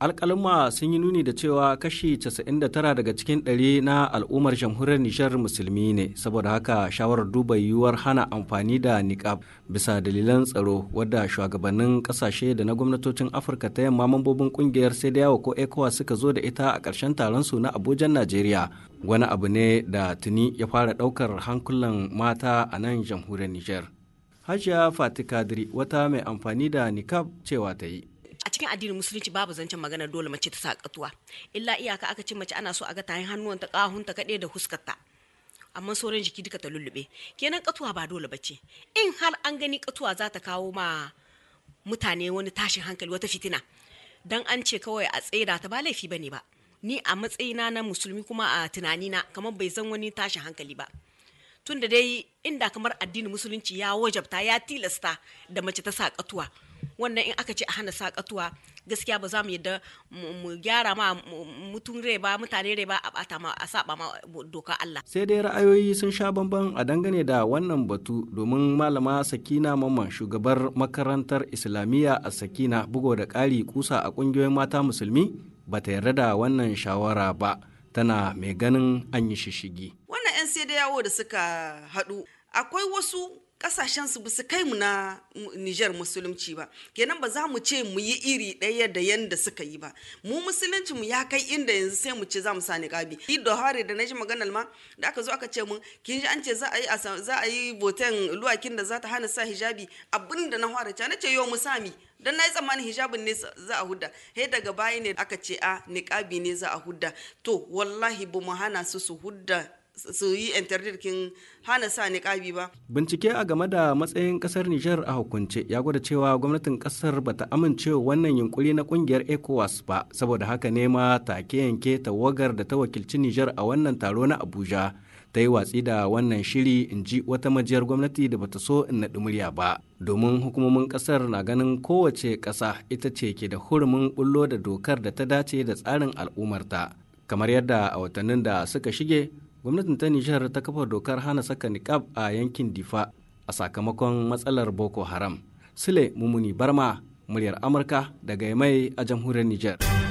alkalma sun yi nuni da cewa kashi 99 daga cikin ɗari na al'ummar jamhuriyar Nijar musulmi ne saboda haka shawarar duba yiwuwar hana amfani da niqab bisa dalilan tsaro wadda shugabannin kasashe da na gwamnatocin afirka ta yamma mambobin ƙungiyar sai da yawa ko ecowas suka zo da ita a ƙarshen taron su na abujan najeriya wani abu ne da tuni ya fara ɗaukar hankulan mata a nan jamhuriyar nijar hajiya fatikadiri wata mai amfani da niqab cewa ta yi cikin addinin musulunci babu zancen magana dole mace ta sa katuwa illa iyaka aka ce mace ana so a ga tayin hannuwanta kahunta kaɗai da huskarta amma sauran jiki duka ta lullube kenan katuwa ba dole bace in har an gani katuwa za ta kawo ma mutane wani tashin hankali wata fitina dan an ce kawai a tsaida ta ba laifi bane ba ni a matsayina na musulmi kuma a tunanina kamar bai zan wani tashin hankali ba tunda dai inda kamar addinin musulunci ya wajabta ya tilasta da mace ta sa katuwa wannan in aka ce a hana sakatuwa gaskiya ba za mu yadda mu gyara ma mutum rai ba mutane rai ba a bata ma a saba ma doka Allah sai dai ra'ayoyi sun sha bamban a dangane da wannan batu domin malama Sakina Mamman shugabar makarantar Islamiyya a Sakina bugo da ƙari kusa a ƙungiyoyin mata musulmi ba ta yarda da wannan shawara ba tana mai ganin an yi shishigi wannan 'yan sai da yawo da suka haɗu akwai wasu kasashen su su kai mu na Nijar musulunci ba kenan ba za mu ce mu yi iri ɗaya da yanda suka yi ba mu musulunci mu ya kai inda yanzu sai mu ce za mu sa niqabi ni da hare da naji maganar ma da aka zo aka ce mun kin ji an ce za a yi za a yi boten luwakin da za ta hana sa hijabi abin da na fara ta ce yo sami. dan na yi tsammanin hijabin ne za a hudda he daga baya ne aka ce a ah, niqabi ne za a hudda to wallahi ba mu hana su su hudda su yi interdirkin hana sa niƙabi ba. Bincike a game da matsayin ƙasar Nijar a hukunce ya gwada cewa gwamnatin ƙasar bata amince wannan yunkuri na ƙungiyar ECOWAS ba saboda haka ne ma take yanke tawagar da ta wakilci Nijar a wannan taro na Abuja. ta yi watsi da wannan shiri in ji wata majiyar gwamnati da bata so in naɗi murya ba domin hukumomin ƙasar na ganin kowace ƙasa ita ce ke da hurumin bullo da dokar da ta dace da tsarin al'ummarta kamar yadda a watannin da suka shige gwamnatin ta nijar ta kafa dokar hana saka niqab a yankin difa a sakamakon matsalar boko haram sule mumuni barma muryar amurka daga mai a jamhuriyar nijar.